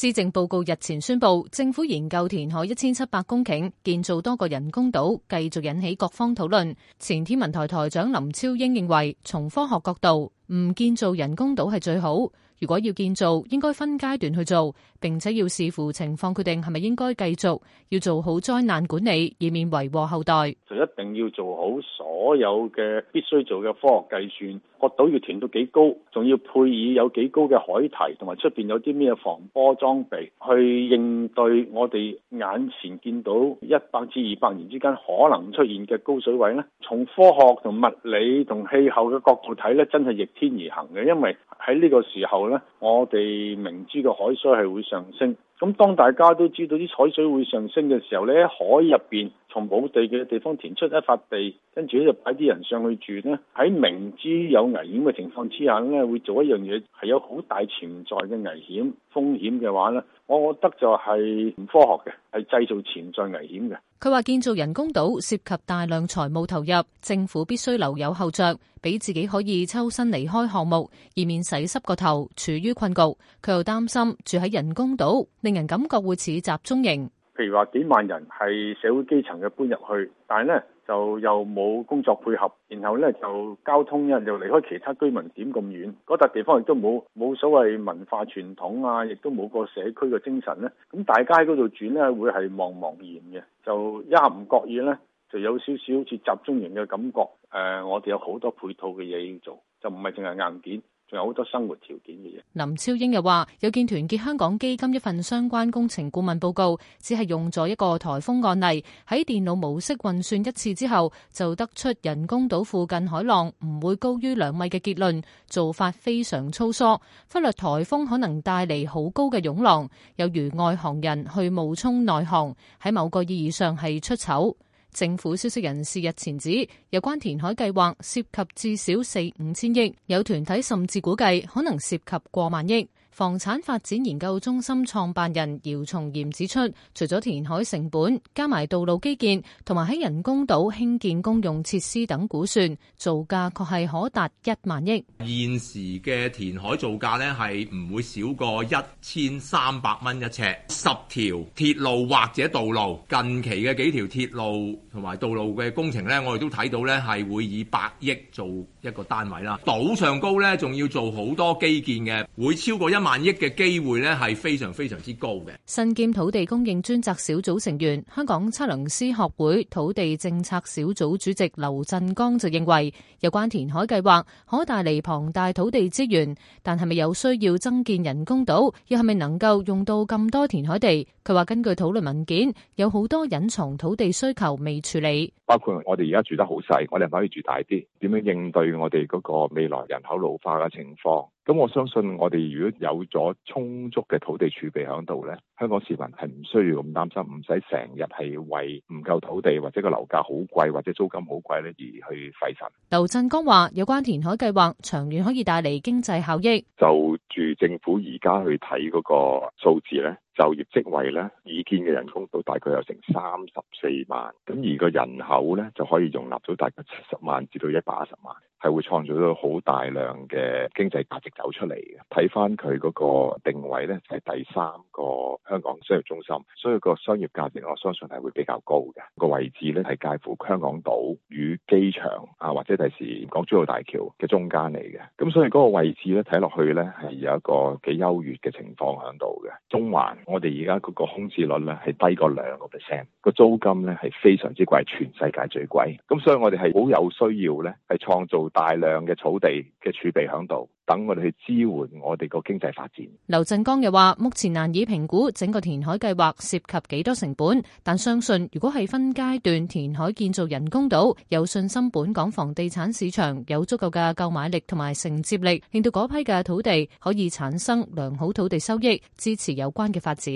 施政報告日前宣布，政府研究填海一千七百公頃，建造多個人工島，繼續引起各方討論。前天文台台長林超英認為，從科學角度，唔建造人工島係最好。如果要建造，應該分階段去做，並且要視乎情況決定係咪應該繼續，要做好災難管理，以免為禍後代。就一定要做好所有嘅必須做嘅科學計算，個島要填到幾高，仲要配以有幾高嘅海堤，同埋出邊有啲咩防波裝備去應對我哋眼前見到一百至二百年之間可能出現嘅高水位咧。從科學同物理同氣候嘅角度睇咧，真係逆。天而行嘅，因為喺呢個時候咧，我哋明知個海水係會上升。咁當大家都知道啲海水會上升嘅時候咧，海入面從冇地嘅地方填出一塊地，跟住就擺啲人上去住呢，喺明知有危險嘅情況之下咧，會做一樣嘢係有好大潛在嘅危險風險嘅話呢，我覺得就係唔科學嘅，係製造潛在危險嘅。佢話建造人工島涉及大量財務投入，政府必須留有後着，俾自己可以抽身離開項目，以免洗濕個頭處於困局。佢又擔心住喺人工島。令人感覺會似集中營，譬如話幾萬人係社會基層嘅搬入去，但係呢就又冇工作配合，然後呢就交通又離開其他居民點咁遠，嗰笪、那個、地方亦都冇冇所謂文化傳統啊，亦都冇個社區嘅精神咧、啊。咁大街嗰度轉呢會係茫茫然嘅，就一下唔覺意咧就有少少好似集中營嘅感覺。誒、呃，我哋有好多配套嘅嘢要做，就唔係淨係硬件。仲有好多生活條件嘅嘢。林超英又話，有見團結香港基金一份相關工程顧問報告，只係用咗一個台風案例喺電腦模式運算一次之後，就得出人工島附近海浪唔會高於兩米嘅結論，做法非常粗疏，忽略台風可能帶嚟好高嘅湧浪，有如外行人去冒充內行，喺某個意義上係出醜。政府消息人士日前指，有關填海計劃涉及至少四五千億，有團體甚至估計可能涉及過萬億。房產發展研究中心創辦人姚松炎指出，除咗填海成本，加埋道路基建同埋喺人工島興建公用設施等估算，造價確係可達一萬億。現時嘅填海造價呢係唔會少過 1, 一千三百蚊一尺，十條鐵路或者道路，近期嘅幾條鐵路同埋道路嘅工程呢，我哋都睇到呢係會以百億做。一個單位啦，島上高呢仲要做好多基建嘅，會超過一萬億嘅機會呢係非常非常之高嘅。新劍土地供應專責小組成員、香港測量師學會土地政策小組主席劉振剛就認為，有關填海計劃可帶嚟龐大土地資源，但係咪有需要增建人工島，又係咪能夠用到咁多填海地？佢話根據討論文件，有好多隱藏土地需求未處理。包括我哋而家住得好細，我哋可唔可以住大啲？點樣應對我哋嗰個未來人口老化嘅情況？咁我相信我哋如果有咗充足嘅土地儲備喺度咧，香港市民係唔需要咁擔心，唔使成日係為唔夠土地或者個樓價好貴或者租金好貴咧而去費神。劉振剛話：有關填海計劃，長遠可以帶嚟經濟效益。就住政府而家去睇嗰個數字咧，就業職位咧，已建嘅人工都大概有成三十四萬，咁而個人口咧就可以容納到大概七十萬至到一百二十萬。係會創造到好大量嘅經濟價值走出嚟嘅。睇翻佢嗰個定位咧，就係第三個香港商業中心，所以個商業價值我相信係會比較高嘅。個位置咧係介乎香港島與機場啊，或者第時港珠澳大橋嘅中間嚟嘅。咁所以嗰個位置咧睇落去咧係有一個幾優越嘅情況喺度嘅。中環我哋而家嗰個空置率咧係低過兩個 percent，個租金咧係非常之貴，全世界最貴。咁所以我哋係好有需要咧，係創造。大量嘅土地嘅儲備響度，等我哋去支援我哋個經濟發展。劉振江又話，目前難以評估整個填海計劃涉及幾多成本，但相信如果係分階段填海建造人工島，有信心本港房地產市場有足夠嘅購買力同埋承接力，令到嗰批嘅土地可以產生良好土地收益，支持有關嘅發展。